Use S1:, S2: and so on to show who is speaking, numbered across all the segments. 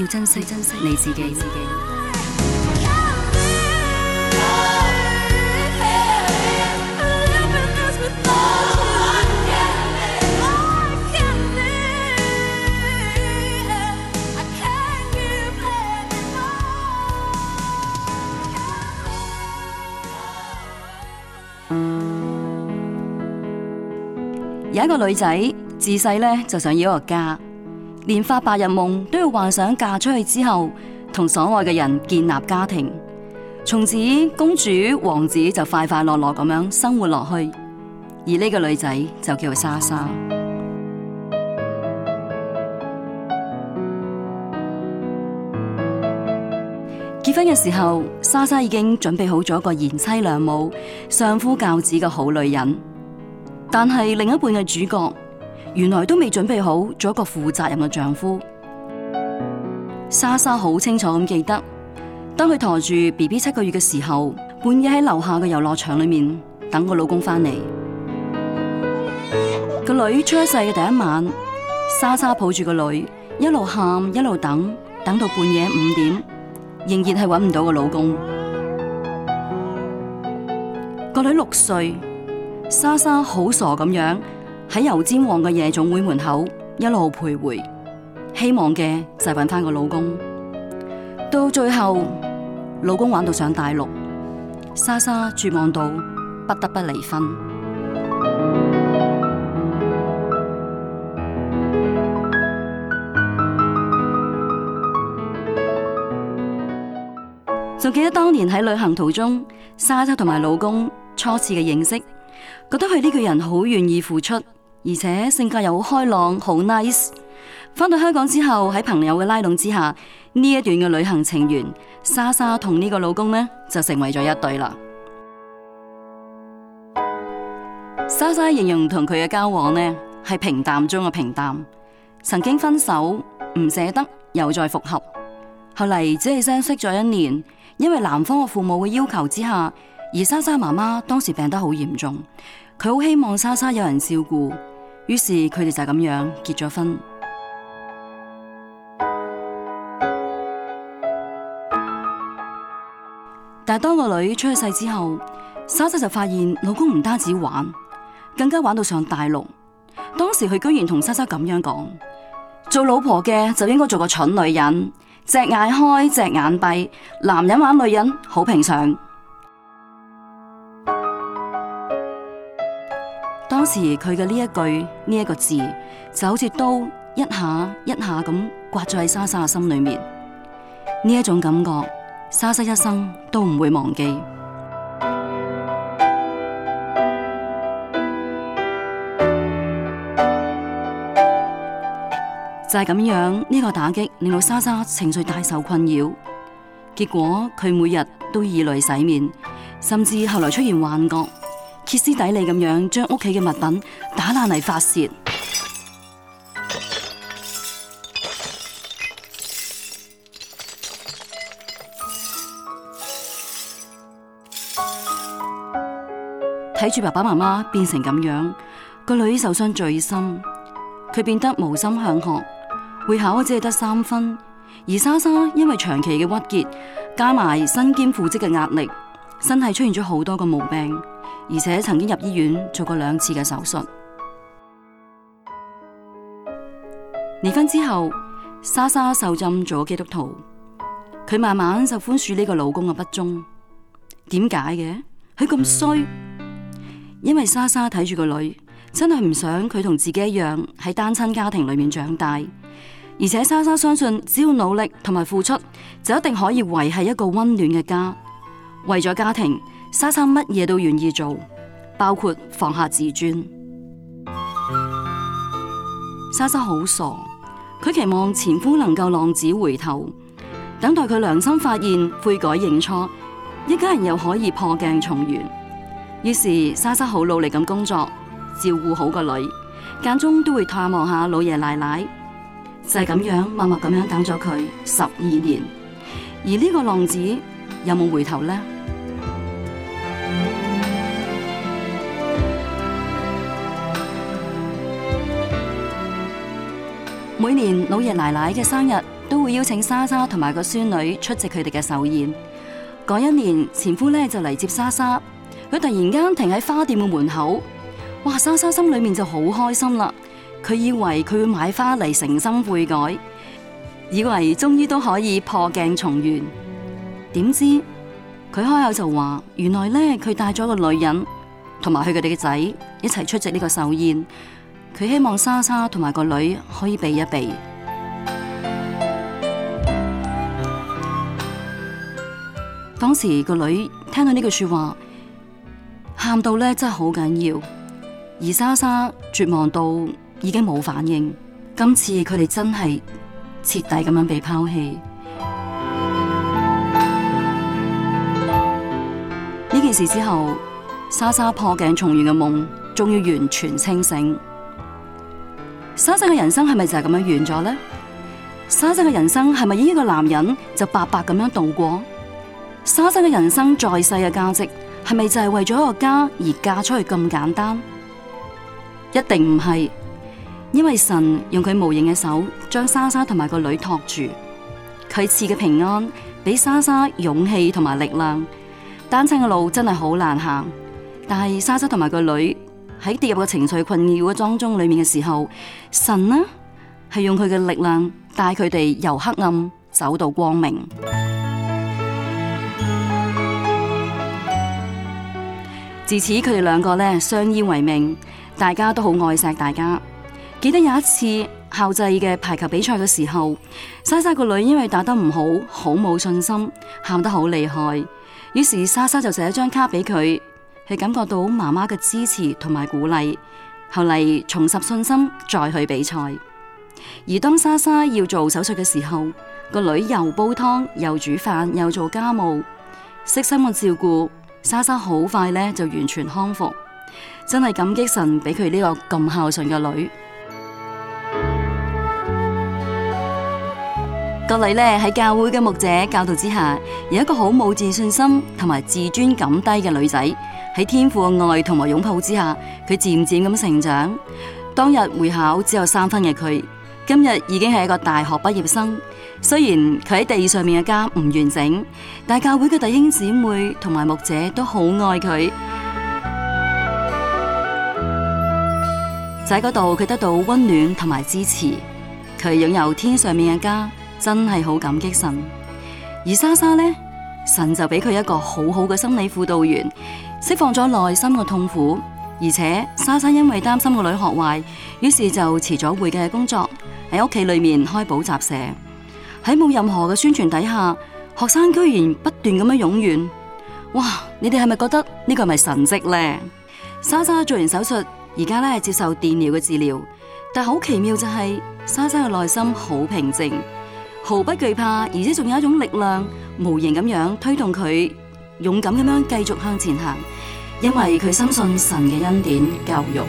S1: 要珍惜，珍惜你自己。自己有一個女仔自細咧，就想要一個家。連發白日夢都要幻想嫁出去之後，同所愛嘅人建立家庭，從此公主王子就快快樂樂咁樣生活落去。而呢個女仔就叫莎莎。結婚嘅時候，莎莎已經準備好咗一個賢妻良母、相夫教子嘅好女人，但係另一半嘅主角。原來都未準備好做一個負責任嘅丈夫。莎莎好清楚咁記得，當佢陀住 B B 七個月嘅時候，半夜喺樓下嘅遊樂場裏面等個老公翻嚟。個女出世嘅第一晚，莎莎抱住個女一路喊一路等，等到半夜五點，仍然係揾唔到個老公。個女六歲，莎莎好傻咁樣。喺油尖旺嘅夜總會門口一路徘徊，希望嘅就係揾翻個老公。到最後，老公玩到上大陸，莎莎絕望到不得不離婚。仲記得當年喺旅行途中，莎莎同埋老公初次嘅認識，覺得佢呢個人好願意付出。而且性格又好開朗，好 nice。翻到香港之後，喺朋友嘅拉攏之下，呢一段嘅旅行情緣，莎莎同呢個老公呢就成為咗一對啦。莎莎形容同佢嘅交往呢係平淡中嘅平淡，曾經分手唔捨得，又再復合，後嚟只係相識咗一年，因為男方嘅父母嘅要求之下，而莎莎媽媽當時病得好嚴重，佢好希望莎莎有人照顧。於是佢哋就噉樣結咗婚。 但，當個女兒出世之後，莎莎就發現老公唔單止玩，更加玩到上大陸。當時佢居然同莎莎噉樣講，做老婆嘅就應該做個蠢女人，隻眼開隻眼閉，男人玩女人好平常。當時佢嘅呢一句呢一個字，就好似刀一下一下咁刮咗喺莎莎嘅心裏面。呢一種感覺，莎莎一生都唔會忘記。就係咁樣，呢個打擊令到莎莎情緒大受困擾，結果佢每日都以淚洗面，甚至後來出現幻覺。歇斯底里咁樣將屋企嘅物品打爛嚟發泄，睇住爸爸媽媽變成咁樣，個女受傷最深，佢變得無心向學，會考只係得三分。而莎莎因為長期嘅鬱結，加埋身兼父職嘅壓力，身體出現咗好多個毛病。而且曾經入醫院做過兩次嘅手術。離婚之後，莎莎受浸咗基督徒，佢慢慢就寬恕呢個老公嘅不忠。點解嘅？佢咁衰，因為莎莎睇住個女，真係唔想佢同自己一樣喺單親家庭裏面長大。而且莎莎相信，只要努力同埋付出，就一定可以維繫一個溫暖嘅家。為咗家庭。莎莎乜嘢都願意做，包括放下自尊。莎莎好傻，佢期望前夫能夠浪子回頭，等待佢良心發現、悔改認錯，一家人又可以破鏡重圓。於是莎莎好努力咁工作，照顧好個女，間中都會探望下老爺奶奶。就係咁樣默默咁樣等咗佢十二年，而呢個浪子有冇回頭呢？每年老爺奶奶嘅生日，都會邀請莎莎同埋個孫女出席佢哋嘅壽宴。嗰一年，前夫咧就嚟接莎莎，佢突然間停喺花店嘅門口，哇！莎莎心裏面就好開心啦，佢以為佢會買花嚟誠心悔改，以為終於都可以破鏡重圓。點知佢開口就話，原來咧佢帶咗個女人同埋佢哋嘅仔一齊出席呢個壽宴。佢希望莎莎同埋個女可以避一避。當時個女聽到呢句說話，喊到咧真係好緊要，而莎莎絕望到已經冇反應。今次佢哋真係徹底咁樣被拋棄。呢件事之後，莎莎破鏡重圓嘅夢，終於完全清醒。莎莎嘅人生係咪就係咁樣完咗呢？莎莎嘅人生係咪以依個男人就白白咁樣度過？莎莎嘅人生在世嘅價值係咪就係為咗一個家而嫁出去咁簡單？一定唔係，因為神用佢無形嘅手將莎莎同埋個女托住，佢賜嘅平安俾莎莎勇氣同埋力量。單親嘅路真係好難行，但係莎莎同埋個女。喺跌入個情緒困擾嘅莊中裏面嘅時候，神呢係用佢嘅力量帶佢哋由黑暗走到光明。自此，佢哋兩個呢相依為命，大家都好愛錫大家。記得有一次校際嘅排球比賽嘅時候，莎莎個女因為打得唔好，好冇信心，喊得好厲害。於是莎莎就寫一張卡俾佢。係感覺到媽媽嘅支持同埋鼓勵，後嚟重拾信心再去比賽。而當莎莎要做手術嘅時候，個女又煲湯又煮飯又做家務，悉心嘅照顧莎莎，好快咧就完全康復。真係感激神俾佢呢個咁孝順嘅女。格麗喺教會嘅牧者教導之下，有一個好冇自信心同埋自尊感低嘅女仔。喺天父嘅愛同埋擁抱之下，佢漸漸咁成長。當日會考只有三分嘅佢，今日已經係一個大學畢業生。雖然佢喺地上面嘅家唔完整，但教會嘅弟兄姊妹同埋牧者都好愛佢。喺嗰度佢得到溫暖同埋支持，佢擁有天上面嘅家。真係好感激神，而莎莎呢，神就俾佢一個好好嘅心理輔導員，釋放咗內心嘅痛苦。而且莎莎因為擔心個女學壞，於是就辭咗會計嘅工作，喺屋企裏面開補習社。喺冇任何嘅宣傳底下，學生居然不斷咁樣踊躍。哇！你哋係咪覺得呢個係咪神跡呢？莎莎做完手術，而家呢係接受電療嘅治療，但好奇妙就係，莎莎嘅內心好平靜。毫不懼怕，而且仲有一種力量，無形咁樣推動佢勇敢咁樣繼續向前行，因為佢深信神嘅
S2: 恩典教育。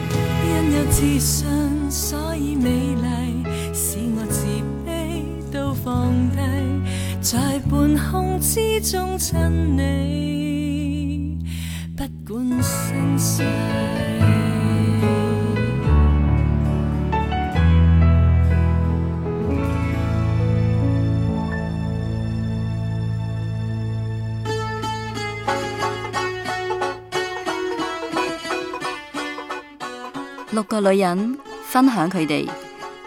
S1: 六個女人分享佢哋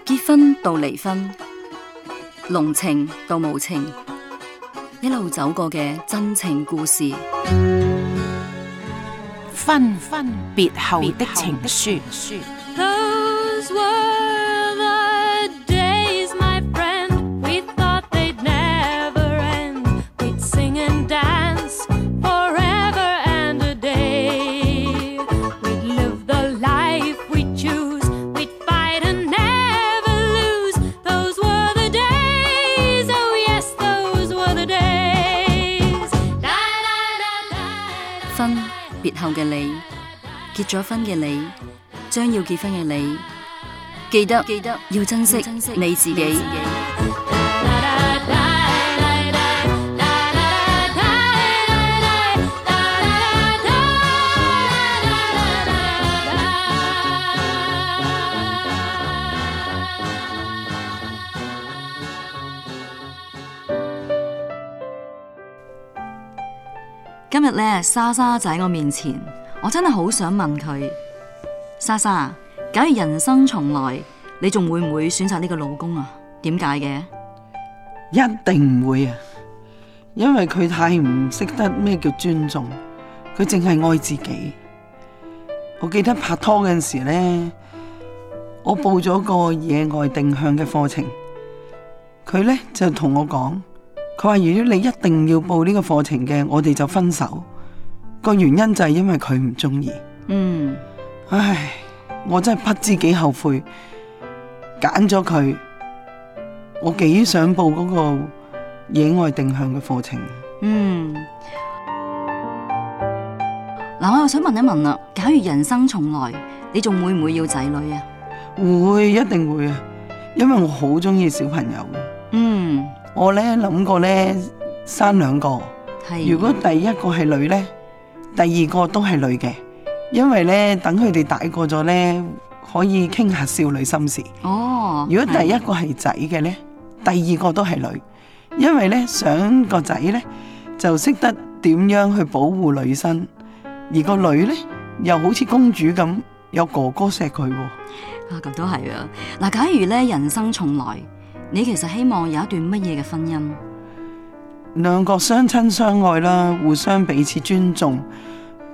S1: 結婚到離婚，濃情到無情，一路走過嘅真情故事，
S2: 分分別後的情書。
S1: 後嘅你，結咗婚嘅你，將要結婚嘅你，記得記得要珍惜珍惜你自己。今日咧，莎莎就喺我面前，我真係好想問佢：莎莎，假如人生重來，你仲會唔會選擇呢個老公啊？點解嘅？
S2: 一定唔會啊！因為佢太唔識得咩叫尊重，佢淨係愛自己。我記得拍拖嗰陣時咧，我報咗個野外定向嘅課程，佢咧就同我講。佢話：如果你一定要報呢個課程嘅，我哋就分手。個原因就係因為佢唔中意。嗯，唉，我真係不知幾後悔揀咗佢。我幾想報嗰個野外定向嘅課程。嗯，
S1: 嗱，我又想問一問啦，假如人生重來，你仲會唔會要仔女啊？
S2: 會，一定會啊！因為我好中意小朋友。我咧諗過咧生兩個，如果第一個係女咧，第二個都係女嘅，因為咧等佢哋大個咗咧，可以傾下少女心事。
S1: 哦，如果第一
S2: 個係仔嘅咧，第二個都係女，因為咧想個仔咧就識得點樣去保護女生，而個女咧又好似公主咁，有哥哥錫佢。啊，
S1: 咁都係啊！嗱，假如咧人生重來。你其實希望有一段乜嘢嘅
S2: 婚姻？兩個相親相愛啦，互相彼此尊重，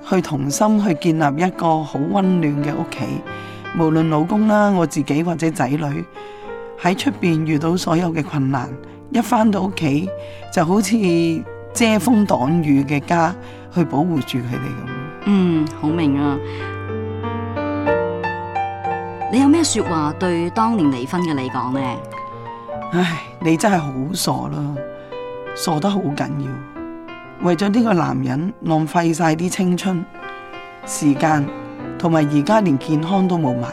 S2: 去同心去建立一個好溫暖嘅屋企。無論老公啦，我自己或者仔女喺出邊遇到所有嘅困難，一翻到屋企就好似遮風擋雨嘅家，去保護住佢哋咁。嗯，好明啊！你有咩說話對當年離婚嘅你講呢？唉，你真係好傻咯，傻得好緊要，為咗呢個男人浪費晒啲青春時間，同埋而家連健康都冇埋，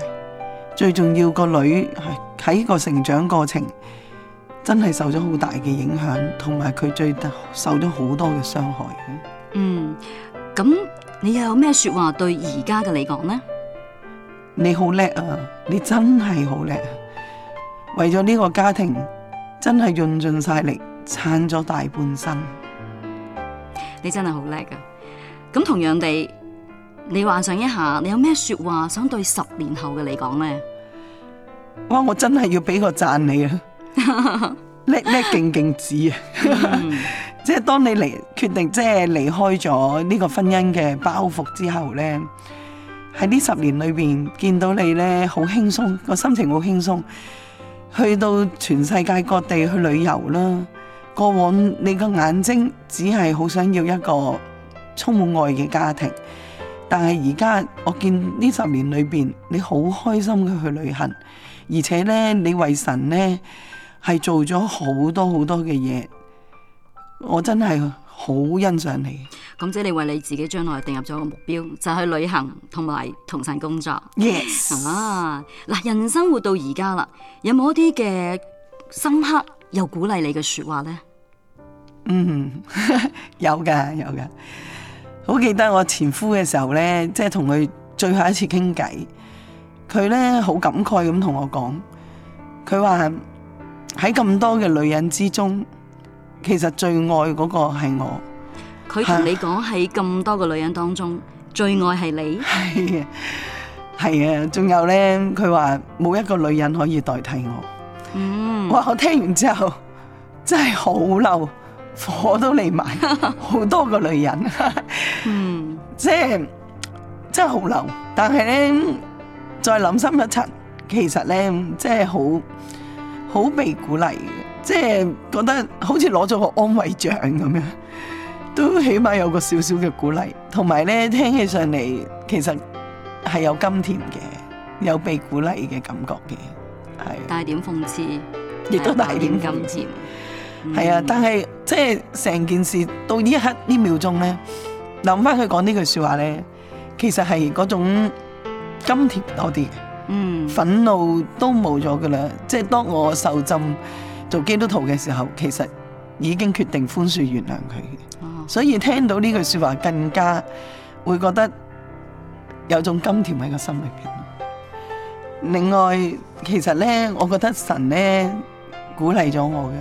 S2: 最重要個女喺個成長過程真係受咗好大嘅影響，同埋佢最受咗好多嘅傷害。嗯，咁你又有咩說話對而家嘅你講呢？你好叻啊，你真係好叻。為咗呢個家庭，真係用盡晒力，撐咗大半生。
S1: 你真係好叻㗎！咁同樣地，你幻想一下，你有咩說話想對十年後嘅你講呢？
S2: 哇！我真係要俾個讚你啊！叻叻勁勁子啊！即係當你離決定即係離開咗呢個婚姻嘅包袱之後呢，喺呢十年裏邊見到你呢，好輕鬆，個心情好輕鬆。去到全世界各地去旅遊啦！過往你嘅眼睛只係好想要一個充滿愛嘅家庭，但係而家我見呢十年裏面你好開心嘅去旅行，而且咧你為神咧係做咗好多好多嘅嘢，我真係，好欣賞你，
S1: 咁即係你為你自己將來定入咗個目標，就係去旅行同埋同散工作。Yes 啊，嗱，人生活到而家啦，有冇一啲嘅深刻又鼓勵你嘅說話呢？嗯，
S2: 有噶有噶，好記得我前夫嘅時候呢，即係同佢最後一次傾偈，佢呢好感慨咁同我講，佢話喺咁多嘅女人之中。其實最愛嗰個係我，
S1: 佢同你講喺咁多個女人當中，最愛係你。係啊，
S2: 係啊，仲有咧，佢話冇一個女人可以代替我。嗯，哇，我聽完之後真係好嬲，火都嚟埋，好、嗯、 多個女人。哈哈嗯，即係真係好嬲，但係咧再諗深一層，其實咧即係好好被鼓勵嘅。即係覺得好似攞咗個安慰獎咁樣，都起碼有個少少嘅鼓勵，同埋咧聽起上嚟其實係有甘甜嘅，有被鼓勵嘅感覺嘅，係帶點諷刺，亦都帶點甘甜，係啊！但係即係成件事到呢一刻呢秒鐘咧，諗翻佢講呢句說話咧，其實係嗰種甘甜多啲，嗯，憤怒都冇咗㗎喇，即係當我受浸，做基督徒嘅時候，其實已經決定寬恕原諒佢，哦、所以聽到呢句說話，更加會覺得有種甘甜喺個心裏邊。另外，其實呢，我覺得神呢鼓勵咗我嘅。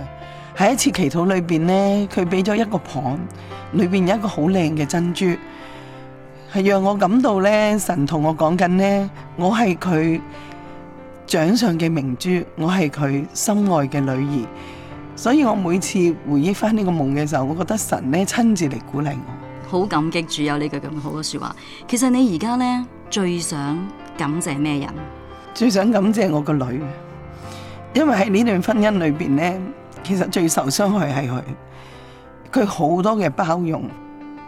S2: 喺一次祈禱裏邊呢，佢俾咗一個盤，裏邊有一個好靚嘅珍珠，係讓我感到呢，神同我講緊呢，我係佢掌上嘅明珠，我係佢心愛嘅女兒，所以我每次回憶翻呢個夢嘅時候，我覺得神咧親自嚟鼓勵我，
S1: 好感激主有呢句咁好嘅說話。其實你而家咧最想感謝咩人？最
S2: 想感謝我個女，因為喺呢段婚姻裏邊咧，其實最受傷害係佢，佢好多嘅包容，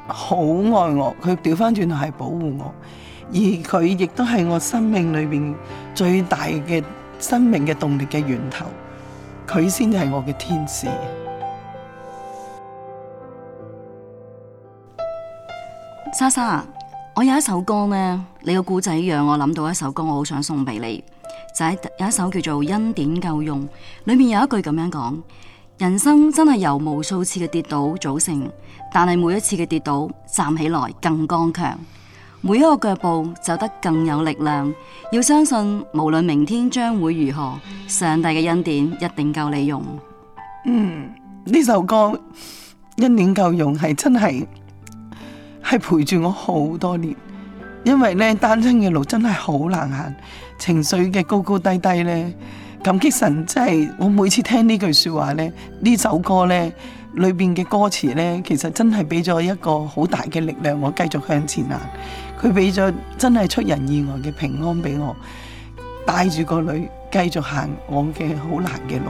S2: 好愛我，佢調翻轉頭係保護我。而佢亦都係我生命裏面最大嘅生命嘅動力嘅源頭，佢先係我嘅天使。
S1: 莎莎，我有一首歌呢，你個故仔讓我諗到一首歌，我好想送俾你。就係有一首叫做《恩典夠用》，裏面有一句咁樣講：人生真係由無數次嘅跌倒組成，但係每一次嘅跌倒，站起來更剛強。每一個腳步走得更有力量，要相信無論明天將會如何，上帝嘅恩典一定夠你用。
S2: 嗯，呢首歌《恩典夠用》係真係係陪住我好多年，因為咧單親嘅路真係好難行，情緒嘅高高低低咧，感激神真係我每次聽呢句說話咧，呢首歌咧。裏面嘅歌詞呢，其實真係俾咗一個好大嘅力量，我繼續向前行。佢俾咗真係出人意外嘅平安俾我，帶住個女繼續行我嘅好難嘅路。